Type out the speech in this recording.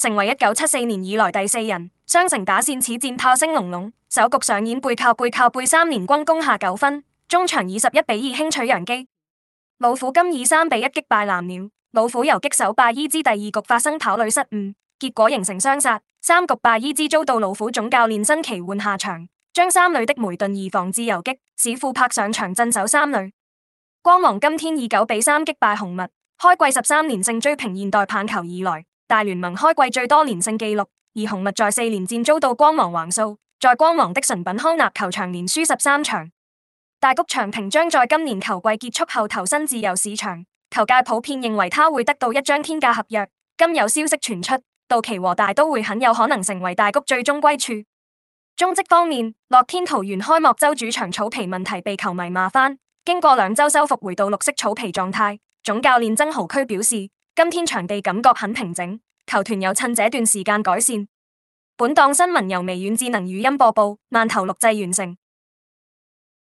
成為一九七四年以來第四人。雙城打線此戰炮聲隆隆，首局上演背靠背靠背，三連軍攻下九分。中場以十一比二輕取洋基。老虎今以三比一擊敗藍鳥，老虎游擊手拜伊茲第二局發生跑壘失誤，結果形成雙殺。三局拜伊茲遭到老虎總教練新奇換下場，將三壘的梅頓移防至游擊，使富拍上場鎮守三壘。光芒今天以九比三擊敗紅襪，開季十三連勝追平現代棒球以來。大聯盟開季最多連勝紀錄，而紅襪在四連戰遭到光芒橫掃，在光芒的純品康納球場連輸十三場。大谷翔平將在今年球季結束後投身自由市場，球界普遍認為他會得到一張天價合約。今有消息傳出，道奇和大都會很有可能成為大谷最終歸處。中職方面，樂天桃園開幕周主場草皮問題被球迷罵翻，經過兩周修復，回到綠色草皮狀態。總教練曾豪駒表示。今天場地感覺很平整，球團又趁這段時間改善。本檔新聞由微軟智能語音播報，慢投錄製完成。